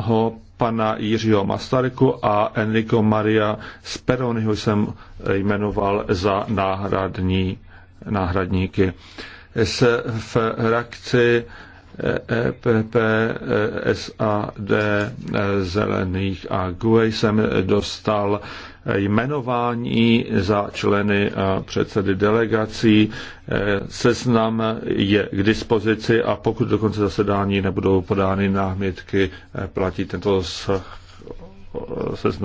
ho pana Jiřího Mastarku a Enrico Maria Speroniho jsem jmenoval za náhradní, náhradníky. S frakci EPP, e SAD, e, Zelených a GUE jsem dostal jmenování za členy a předsedy delegací. E, seznam je k dispozici a pokud do konce zasedání nebudou podány námitky, platí tento seznam.